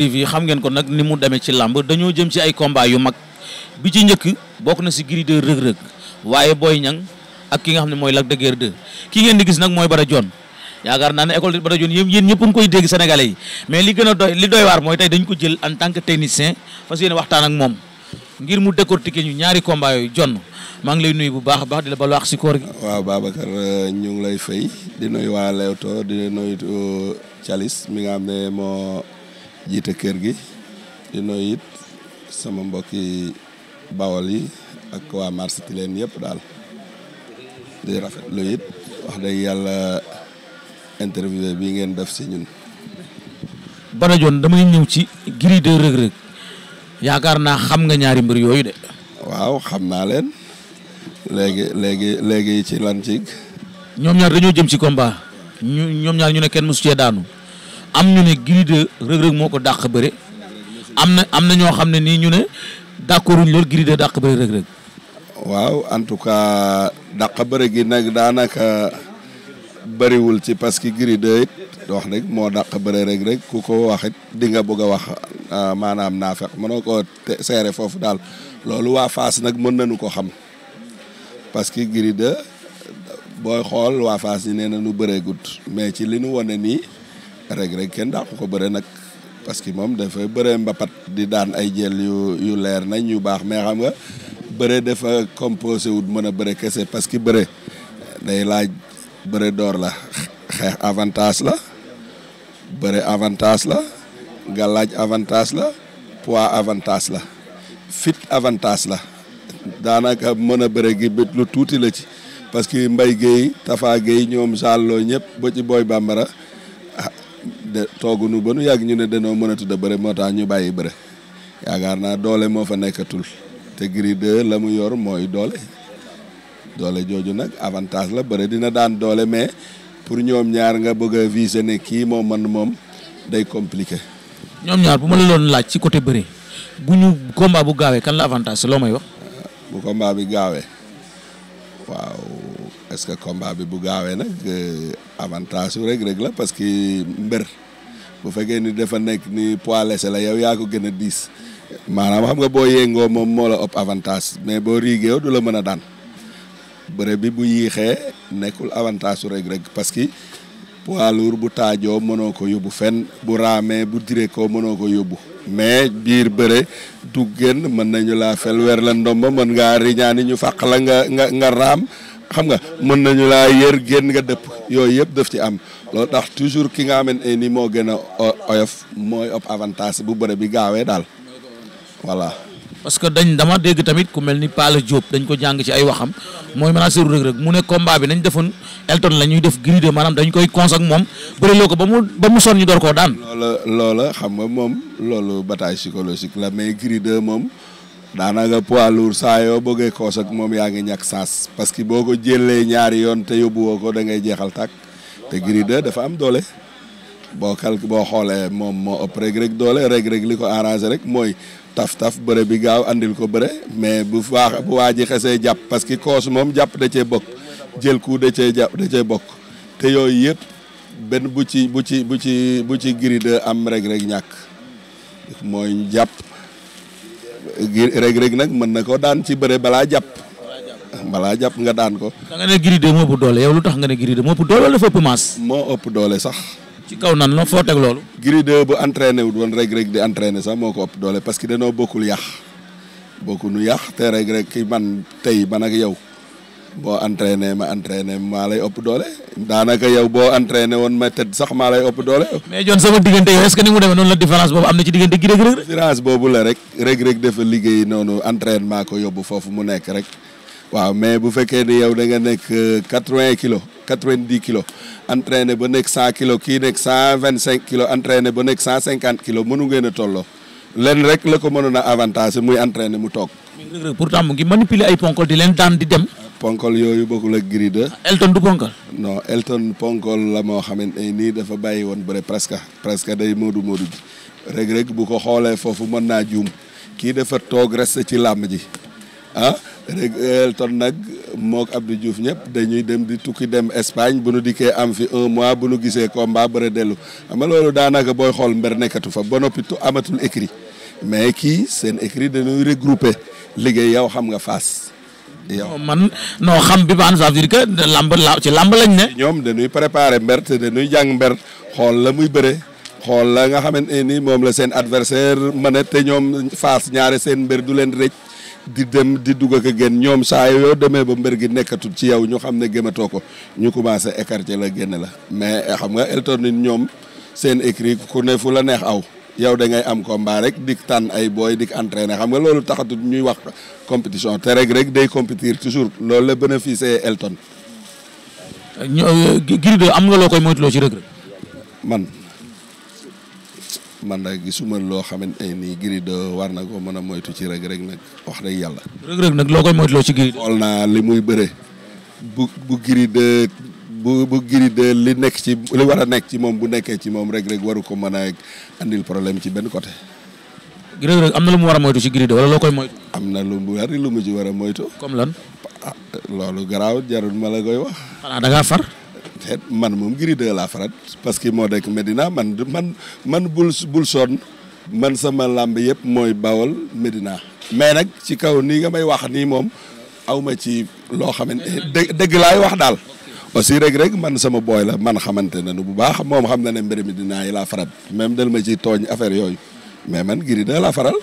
TV xam ngeen ko nag ni mu demee ci làmb dañoo jëm ci ay combat yu mag bi ci njëkk bokk na si Gris 2 Reug waaye Boy Niang ak ki nga xam ne mooy Lac de Guiers ki ngeen di gis nag mooy Bada Dione yaakaar naa école de Bada Dione yéen yéen koy dégg sénégalais yi mais li gën a doy li doy waar mooy tey dañ ko jël en tant que technicien fas yéene waxtaan ak moom ngir mu décortiquer ñu ñaari combat yooyu Dione maa ngi lay nuyu bu baax a baax di la balu wax si koor gi. waaw Babacar euh, ñu ngi jiite kër gi di nuyu sama mbokki bawol yi ak waa marché leen yëpp daal di rafetlu it wax dëgg yàlla interview bi ngeen def si ñun. Bada joon damay ñëw ci Gris 2 Reug Reug yaakaar naa xam nga ñaari mbër yooyu de. waaw xam naa leen léegi léegi léegi ci lan ñoom ñaar dañoo jëm ci combat ñu ñoom ñaar ñu ne kenn mësu cee daanu. am ñu ne Gris 2 Reug moo ko dàq bëre am na am na ñoo xam ne nii ñu ne d'accorduñ loolu Gris 2 dàq bëre Reug Reug waaw en tout cas dàq bëre gi nag daanaka bëriwul ci parce que Gris 2 it wax nag moo dàq bëre rek rek ku ko wax it di nga bëgg a wax ah, maanaam naa fex mënoo ko seere foofu daal loolu waa Fass nag mën nañu ko xam parce que Gris booy xool waa Fass yi nee na nu bëreegut mais ci li nu wone nii rek rek kenn daaxu ko bëre nag parce que moom dafa bëre mbapat di daan ay jël yu yu leer nañ yu baax mais xam nga bëre dafa composé wut mën a bëre kese parce que bëre day laaj bëre door la xeex avantage la bëre avantage la nga avantage la poids avantage la fit avantage la daanaka mën a bëre gi lu tuuti la ci parce que mbay Guèye Tafa Guèye ñoom Jallo ñëpp ba ci Boy Bambara de toogunu ba nu yàgg ñu ne danoo mënatut a bëre moo tax ñu bàyyi bëre yaakaar naa doole moo fa nekkatul te Gris 2 la mu yor mooy doole doole jooju nag avantage la bëre dina daan doole mais pour ñoom ñaar nga bëgg a viser ne kii moom man moom day compliqué. ñoom ñaar bu ma la doon laaj ci côté bëre bu ñu combat bu gaawee kan la avantage loo may wax. bu combat bi gaawee waaw. parce que combat bi bu gaawee nag euh, avantage su rek Reug la parce que mbër bu fekkee ni dafa nekk ni poids léger la yow yaa ko gën a diis maanaam xam nga boo yëngoo moom moo la ëpp avantage mais boo riigee du la mën a daan bëre bi bu yéexee nekkul avantage su rek Reug parce que poids lourd bu taajoo mënoo ko yóbbu fenn bu raamee bu dire ko mënoo ko yóbbu mais biir bëre du génn mën nañu laa fel weer la ndomba mën ngaa riñaani ñu fàq la nga nga nga raam xam nga mën nañu laa yër génn nga dëpp yooyu yëpp def ci am loolu tax toujours ki nga xamante ni moo gën a oyof mooy ëpp avantage bu bëre bi gaawee daal voilà. parce que dañ dama dégg tamit ku mel ni Pala Diop dañ ko jàng ci ay waxam mooy manager Reug Reug mu ne combat bi nañ defoon Elton la ñuy def Gris 2 maanaam dañ koy cons ak moom bëriloo ko ba mu ba mu sonn ñu door koo daan. loola loola xam nga moom loolu bataille psychologique la mais Gris 2 moom. daanaka poids lourd saa yoo bëggee koos moom yaa ngi ñàkk saas parce que boo ko jëlee ñaari yoon te yóbbuwoo ko da ngay jeexal tàkk te Gris dafa am doole boo kal boo xoolee moom moo ëpp Reug Reug doole Reug Reug li ko arrangé rek mooy taf-taf bëre bi gaaw andil ko bëre mais bu waax bu waa ji xesee jàpp parce que koos moom jàpp da cee bokk jël ku da cee jàpp da cee bokk te yooyu yëpp benn bu ci bu ci bu ci bu ci Gris 2 am Reug Reug ñàkk mooy jàpp Reug Reug nag mën na ko daan ci bëre balaa jàpp balaa jàpp nga daan ko. da nga ne Gris 2 ëpp doole yow lu tax nga ne Gris 2 moo ëpp doole wala dafa ëpp maas. moo ëpp doole sax. ci kaw nan la foo teg loolu. Gris 2 bu entraîné wul woon Reug Reug di entraîné sax moo ko ëpp doole parce que danoo bokkul yàq bokku nu yàq te Reug Reug ki man tey man ak yow boo entraîné ma entraîné maa lay ëpp doole daanaka yow boo entraîné woon ma tëdd sax maa lay ëpp doole. mais John sama diggante yow est-ce que ni mu demee noonu la différence boobu am na ci diggante gi rek rek. rek rek liggéey noonu entraînement ko yóbbu foofu mu nekk rek waaw mais bu fekkee ni yow da nga nekk euh, quatre-vingts kilo quatre-vingt-dix kilos entraîné ba nekk cent kilos kii nekk cent vingt-cinq kilos entraîné ba nekk cent cinquante kilos mënu ngeen a tolloo. leen rek la ko mënoon a avantage muy entraîné mu toog. mais mu ngi manipuler ay ponkol di dem. ponkol yooyu bokkul ak Gris 2. Elton du ponkol. non Elton ponkol la moo xamante ne nii dafa bàyyi woon bëre presque presque day moodu moodu ji Reug Reug bu ko xoolee foofu mën naa juum kii defa toog resté ci làmb ji ah Reug Elton nag ab Abdou Diouf ñëpp dañuy dem di tukki dem Espagne bu nu dikkee am fi un mois bu nu gisee combat bëre dellu xam nga loolu daanaka booy xool mber nekkatu fa ba noppi tu amatul écrit mais kii seen écrit dañuy regroupé liggéey yow xam nga fas yow man non xam bi baan ça veut dire que lamb la ci lamb lañ ne. ñoom dañuy préparer mbert dañuy jàng mber xool la muy bëre xool la nga xamante ni moom la seen adversaire mën te ñoom faas ñaare seen mbër du leen rëcc di dem di dugg ak a génn ñoom saa yoo demee ba mbër gi nekkatul ci yow ñu xam ne gëmatoo ko ñu commencé écarter la génne la mais xam nga Elton nit ñoom seen écrit ku ne fu la neex aw. yow da ngay am combat rek dik tànn ay booy dik entraîner xam nga loolu taxatut ñuy wax compétition te rek rek day compétir toujours loolu la bénéficier Elton. ñoo euh, Gris 2 am nga loo koy moytuloo ci Reug Reug. man man nag gisuma loo xamante ni giri de war na ko mën a moytu ci Reug Reug nag wax dëgg yàlla. Reug Reug nag loo koy moytuloo bu bu Gris bu bu Gris li nekk ci li war a nekk ci moom bu nekkee ci moom rek rek waru ko mën a andil problème ci benn côté. Reug am na lu mu war a moytu ci Gris 2 wala loo koy moytu. am na lu mu war lu mu ci war a moytu. comme lan. ah loolu garaaw jarul ma la koy wax. xanaa far. man moom Gris 2 laa parce que moo dekk Medina man man man bul bul sonn man sama làmb yëpp mooy bawal Medina mais nag ci kaw nii nga may wax nii moom awma ci loo xamante dëgg laay wax daal. aussi Reug rek man sama booy la man xamante nañu bu baax moom xam na ne mbir mi dinaa yi laa faral même dal ma ci tooñ affaire yooyu mais man Gris da laa faral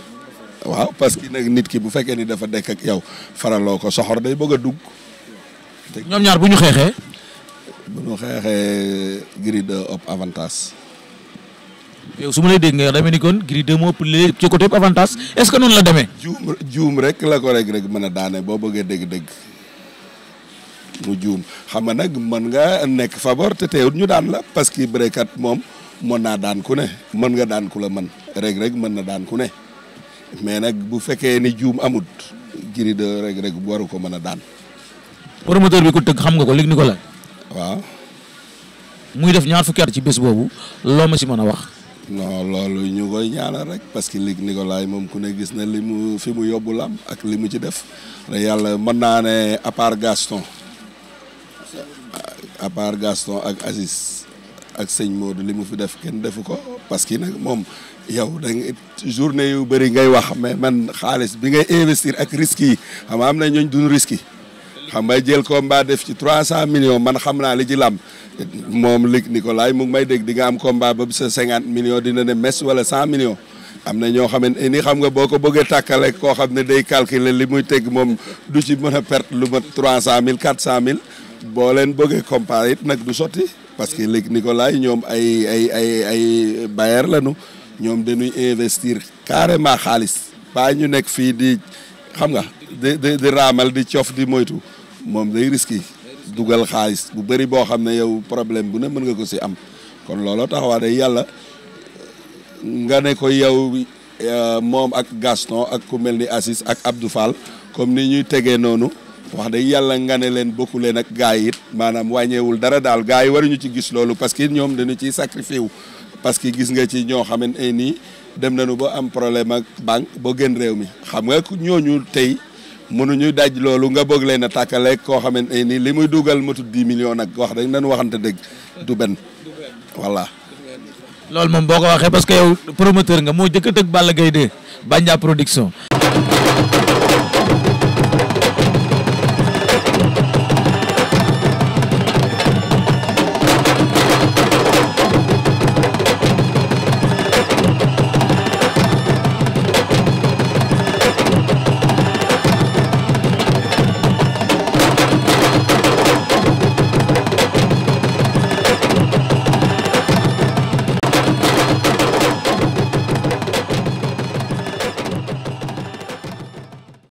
waaw parce que nag nit ki bu fekkee ni dafa dekk ak yow faraloo ko soxor day bëgg a dugg. ñoom ñaar bu ñu xeexee. bu ñu xeexee Gris de ëpp su ma lay dégg nga demee ni kon Gris 2 moo ëpp léegi ci côté avantage est-ce que noonu la demee. juum juum rek la ko Reug Reug mën a daanee boo bëggee dégg-dégg. mu juum xam nga nag mën nga nekk favor te teewut ñu daan la parce que bërekat moom mën naa daan ku ne mën nga daan ku la man rek Reug mën na daan ku ne mais nag bu fekkee ni juum amut Gris 2 Reug Reug bu waru ko mën a daan promoteur bi ku tëgg xam nga ko Luc Nicolaï waaw muy def ñaar fukki at ci bés boobu loo ma si mën a wax non loolu ñu koy ñaanal rek parce que Luc Nicolaï moom ku ne gis na li mu fi mu yóbbu lam ak li mu ci def yàlla mën naa ne à part Gaston à part Gaston ak Aziz ak sëñ Modou li mu fi def kenn defu ko parce que nag moom yow da journée yu bari ngay wax mais man xaalis bi ngay investir ak risques yi xam nga am na ñooñ duñu risque yi xam nga jël combat def ci trois cent millions man xam naa li ci làmb moom lig Nicolas mu may dégg di nga am combat ba sa cinquante millions dina ne mes wala cent millions am na ñoo xamante ni xam nga boo ko bëggee tàkkale koo xam ne day calculer li muy teg moom du ci mën perte lu mat trois cent mille quatre cent mille boo leen bëggee comparer it nag du sotti parce que léegi Nicolas ñoom ay ay ay ay bailleur lañu ñoom dañuy investir carrément xaalis ba ñu nekk fii di xam nga di di di raamal di cof di moytu moom day risque dugal xaalis bu bëri boo xam ne yow problème bu ne mën nga ko si am kon looloo tax waa dëgg yàlla nga ne ko yow euh, moom ak Gaston ak ku mel ni Assis ak Abdou Fall comme ni ñuy tegee noonu. wax dëgg yàlla nga ne leen bokku leen ak gaa yi maanaam wàññeewul dara daal gaa yi waruñu ci gis loolu parce que ñoom dañu ciy sacrifié wu parce que gis nga ci ñoo xamante ne nii dem nañu ba am problème ak banque boo gën réew mi xam nga ñooñu tey mënuñu daj loolu nga boog leen a tàkkale koo xamante ne nii li muy dugal matu 10 million nag wax dëgg nañu waxante dëgg du benn voilà. loolu moom boo ko waxee parce que yow promoteur nga moo jëkk a tëgg Balla Gaye de Bandia